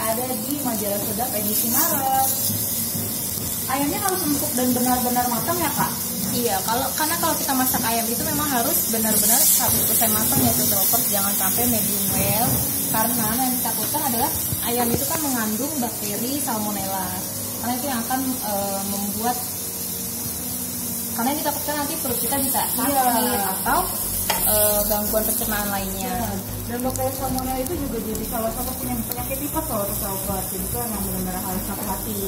ada di majalah sedap edisi Maret. Ayamnya harus empuk dan benar-benar matang ya kak? Iya, kalau karena kalau kita masak ayam itu memang harus benar-benar satu persen matang ya terus jangan sampai medium well karena yang ditakutkan adalah ayam itu kan mengandung bakteri salmonella karena itu yang akan e, membuat karena yang ditakutkan nanti perut kita bisa sakit iya. atau uh, gangguan pencernaan lainnya. Ya. Dan bakteri salmonella itu juga jadi salah satu penyakit tipes loh sobat. Jadi itu emang benar-benar harus hati-hati.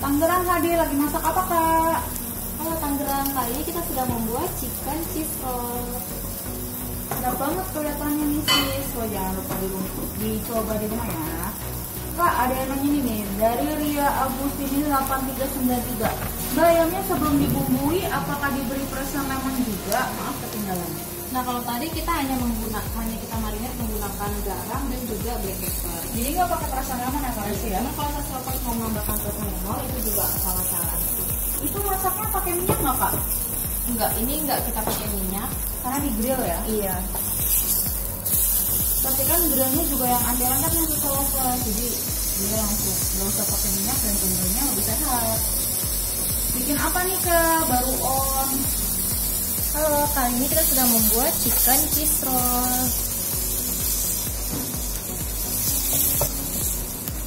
Tangerang hadir lagi masak apa kak? Kalau Tangerang kali kita sudah membuat chicken cheese roll. Enak banget kelihatannya nih sis. Wah jangan lupa di, dicoba di rumah ya. Kak, ada yang nanya nih dari Ria Agustini 8393. Bayamnya sebelum dibumbui, apakah diberi perasa lemon juga? Maaf ketinggalan. Nah kalau tadi kita hanya menggunakan, hanya kita marinir menggunakan garam dan juga black pepper. Jadi nggak pakai perasa lemon ya iya, kalau sih ya? kalau kalau sesuatu mau menambahkan perasa lemon itu juga salah cara. Itu masaknya pakai minyak nggak kak? Enggak, ini enggak kita pakai minyak karena di grill ya. Iya pastikan grillnya juga yang anda angkat yang ke waffle jadi dia langsung nggak usah pakai minyak dan bumbunya lebih sehat bikin apa nih ke baru on halo kali ini kita sudah membuat chicken cheese roll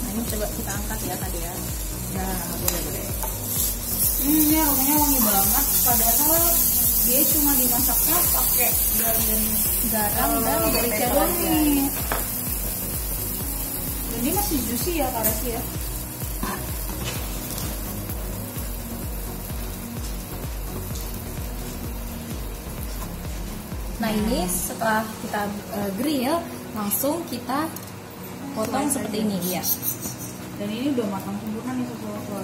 nah ini coba kita angkat ya tadi ya ya boleh boleh hmm ya rumahnya wangi banget padahal dia cuma dimasaknya pakai garam garam oh, dan merica doang nih ini masih juicy ya karasi ya Nah ini setelah kita uh, grill langsung kita potong Selain seperti ini ya. Dan ini udah matang sempurna nih sesuatu.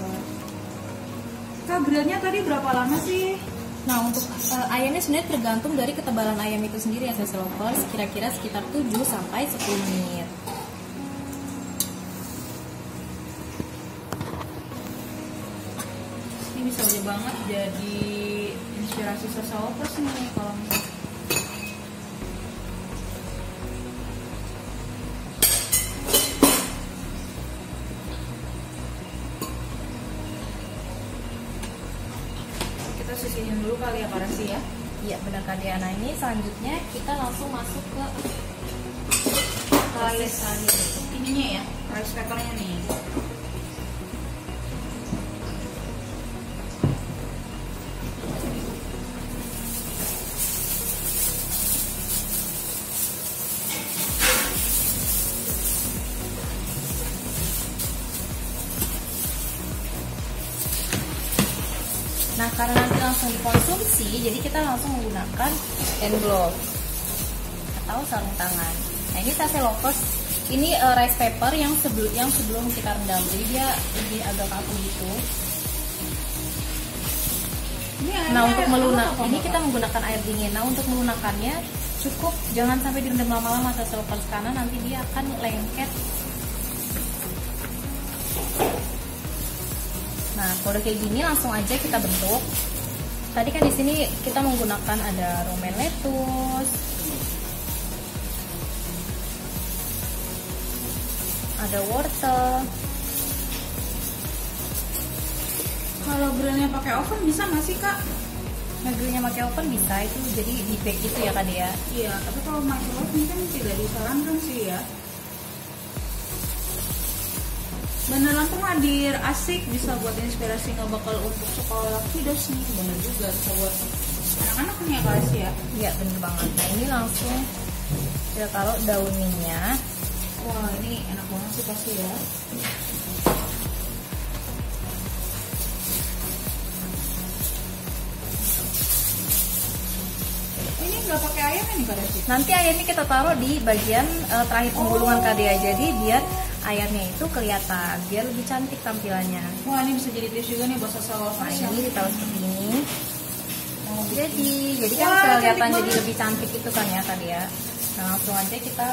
Kak grillnya tadi berapa lama sih? Nah untuk uh, ayamnya sebenarnya tergantung dari ketebalan ayam itu sendiri ya saya lovers kira-kira sekitar 7 sampai 10 menit. Ini bisa banget jadi inspirasi sosial lovers nih kalau misalnya posisinya dulu kali ya Kak sih ya iya benar Kak Diana ini selanjutnya kita langsung masuk ke rice ininya ya rice crackernya nih Nah karena nanti langsung dikonsumsi, jadi kita langsung menggunakan hand glove atau sarung tangan. Nah ini sate taselokus ini uh, rice paper yang sebelum yang sebelum kita rendam, jadi dia lebih agak kaku gitu. ini nah untuk melunak ini kita menggunakan air dingin. Nah untuk melunakannya cukup jangan sampai direndam lama-lama atau -lama, karena nanti dia akan lengket Nah, kalau kayak gini langsung aja kita bentuk. Tadi kan di sini kita menggunakan ada romaine lettuce, ada wortel. Kalau grillnya pakai oven bisa nggak sih kak? Negerinya pakai oven bisa itu jadi di bake itu ya kak ya? Iya, tapi kalau microwave ini kan tidak disarankan sih ya. Bener Lampung hadir asik bisa buat inspirasi nggak bakal untuk sekolah Lakidas nih bener juga bisa buat anak-anak punya kelas ya iya bener banget nah ini langsung kita ya, taruh daun minyak wah ini enak banget sih pasti ya ini nggak pakai ayam ini pada sih nanti ayamnya kita taruh di bagian uh, terakhir penggulungan oh. tadi jadi biar ayamnya itu kelihatan biar lebih cantik tampilannya wah ini bisa jadi tips juga nih buat sosok nah, ini ditaruh seperti ini oh, gitu. jadi jadi kan wah, kelihatan jadi lebih cantik itu kan ya tadi ya nah langsung aja kita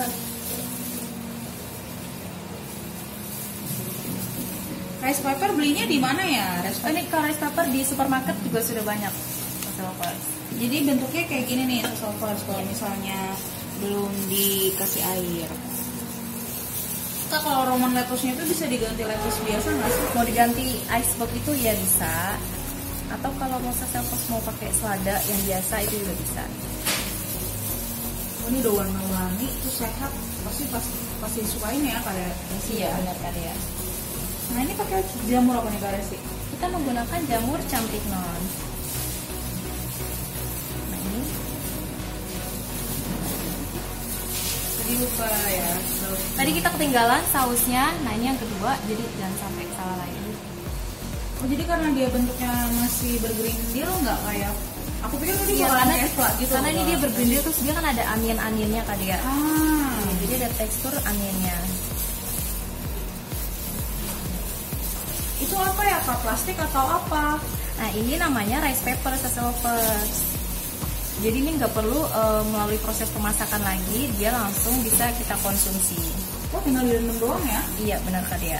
rice paper belinya di mana ya rice paper? ini kalau rice paper di supermarket juga sudah banyak sosokers jadi bentuknya kayak gini nih sosokers kalau misalnya belum dikasih air Kak kalau Roman lettuce-nya itu bisa diganti lettuce biasa nggak sih? Mau diganti iceberg itu ya bisa. Atau kalau mau sampos mau pakai selada yang biasa itu juga bisa. Oh, ini udah warna-warni, terus sehat, pasti ya, ya? pasti pasti iya, ini ya pada sih Iya, benar ya. Nah ini pakai jamur apa nih kak sih? Kita menggunakan jamur cantik non. lupa ya. Tadi kita ketinggalan sausnya, nah ini yang kedua, jadi jangan sampai salah lagi. Oh, jadi karena dia bentuknya masih bergerindil nggak kayak ya? aku pikir tadi iya, karena gitu karena ini dia bergerindil terus dia kan ada angin anginnya tadi ya ah. Nah, jadi ada tekstur anginnya itu apa ya kak plastik atau apa nah ini namanya rice paper rice paper jadi ini nggak perlu uh, melalui proses pemasakan lagi, dia langsung bisa kita konsumsi. Oh tinggal direndam doang ya? Iya benar Kak ya.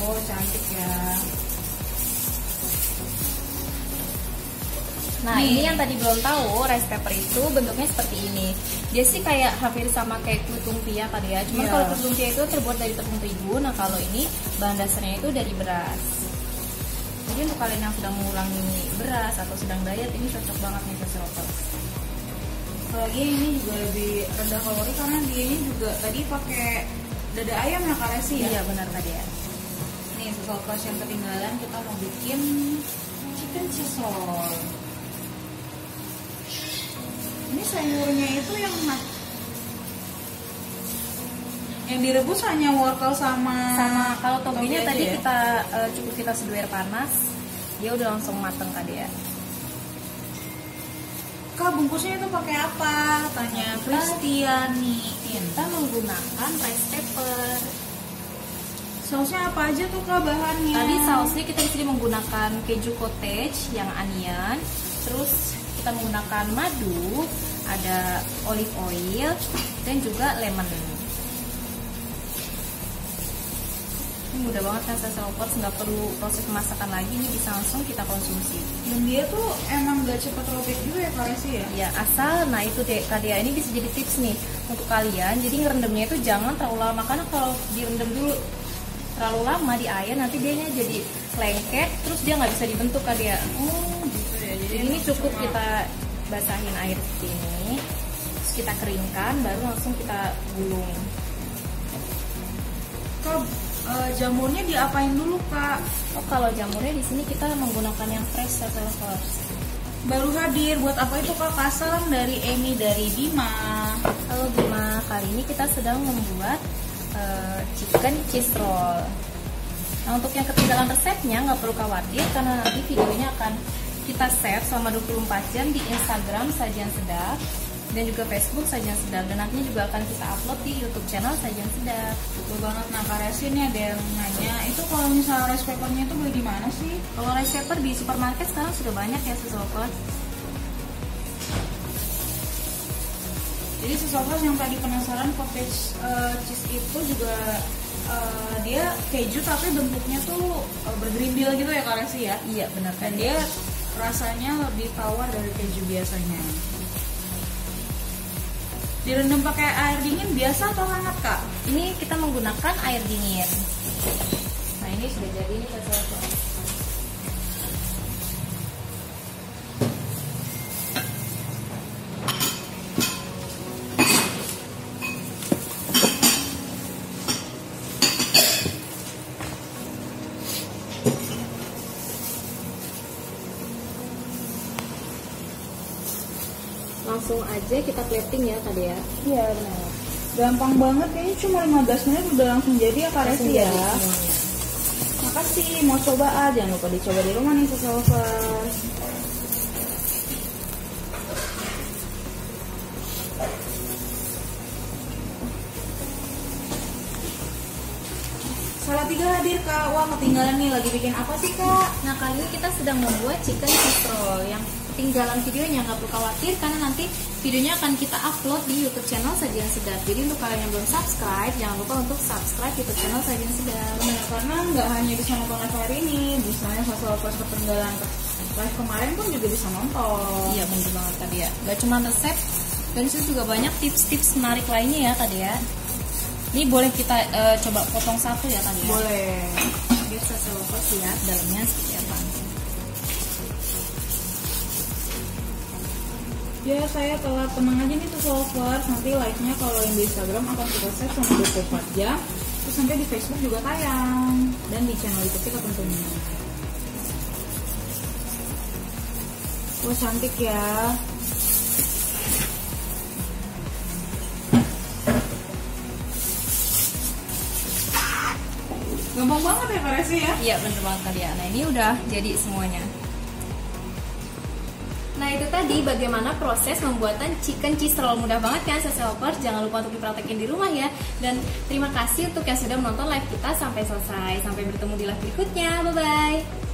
Oh cantik ya. Nah Nih. ini yang tadi belum tahu rice paper itu bentuknya seperti ini. Dia sih kayak hampir sama kayak kue lumpia tadi ya. Cuma yeah. kalau kue lumpia itu terbuat dari tepung terigu, nah kalau ini bahan dasarnya itu dari beras mungkin untuk kalian yang sedang mengurangi beras atau sedang diet ini cocok banget nih face wafer apalagi ini juga lebih rendah kalori karena di ini juga tadi pakai dada ayam ya kalian sih ya iya benar tadi ya nih sesol plus yang ketinggalan kita mau bikin chicken sesol ini sayurnya itu yang yang direbus hanya wortel sama sama kalau tobinya tadi ya? kita uh, cukup kita seduh air panas dia udah langsung mateng tadi ya kak bungkusnya itu pakai apa tanya Kristiani kita menggunakan rice paper sausnya apa aja tuh kak bahannya tadi sausnya kita disini menggunakan keju cottage yang anian, terus kita menggunakan madu ada olive oil dan juga lemon mudah banget rasa sama pot nggak perlu proses pemasakan lagi ini bisa langsung kita konsumsi dan dia tuh emang gak cepat robek juga ya sih ya? ya asal nah itu deh tadi ini bisa jadi tips nih untuk kalian jadi ngerendamnya itu jangan terlalu lama karena kalau direndam dulu terlalu lama di air nanti dia jadi lengket terus dia nggak bisa dibentuk kali ya oh gitu ya jadi, ini cukup cuma... kita basahin air sini, sini kita keringkan baru langsung kita gulung kalau Eh, jamurnya diapain dulu kak? Oh kalau jamurnya di sini kita menggunakan yang fresh turtle ya, horse. Baru hadir buat apa itu kak? Salam dari Emi dari Bima. Halo Bima, kali ini kita sedang membuat uh, chicken cheese roll. Nah untuk yang ketinggalan resepnya nggak perlu khawatir karena nanti videonya akan kita save selama 24 jam di Instagram Sajian Sedap dan juga Facebook Sajian Sedap dan nantinya juga akan kita upload di YouTube channel Sajian Sedap. Betul banget. Nah, Kak Resi ini ada yang nanya, itu kalau misalnya rice papernya itu beli di mana sih? Kalau rice paper di supermarket sekarang sudah banyak ya sesobat. Jadi sesobat yang tadi penasaran cottage uh, cheese itu juga uh, dia keju tapi bentuknya tuh uh, eh, bergerindil gitu ya Kak Resi ya? Iya benar. Dan dia rasanya lebih tawar dari keju biasanya direndam pakai air dingin biasa atau hangat kak? Ini kita menggunakan air dingin. Nah ini sudah jadi ini kita langsung aja kita plating ya tadi ya iya benar gampang banget ini cuma 15 menit udah langsung jadi ya Kak Resi ya iya. makasih mau coba aja, ah, jangan lupa dicoba di rumah nih sesuatu. Salah tiga hadir kak, wah ketinggalan nih lagi bikin apa sih kak? Nah kali ini kita sedang membuat chicken casserole yang ketinggalan videonya nggak perlu khawatir karena nanti videonya akan kita upload di YouTube channel Sajian Sedap. Jadi untuk kalian yang belum subscribe, jangan lupa untuk subscribe YouTube channel Sajian Sedap. Benar, karena nggak hanya bisa nonton live hari ini, misalnya soal pas ketinggalan live kemarin pun juga bisa nonton. Iya benar banget tadi ya. Gak cuma resep, dan itu juga banyak tips-tips menarik lainnya ya tadi ya. Ini boleh kita uh, coba potong satu ya tadi ya? Boleh. Biar saya selopas lihat ya, dalamnya seperti apa. aja ya, saya telat tenang aja nih tuh followers nanti live nya kalau yang di Instagram akan kita share selama 24 jam terus nanti di Facebook juga tayang dan di channel YouTube kita tentunya Wah cantik ya Gampang banget ya Pak Resi ya? Iya bener banget ya Nah ini udah jadi semuanya Nah itu tadi bagaimana proses membuatan chicken cheese roll mudah banget kan saya lover jangan lupa untuk dipraktekin di rumah ya dan terima kasih untuk yang sudah menonton live kita sampai selesai sampai bertemu di live berikutnya bye bye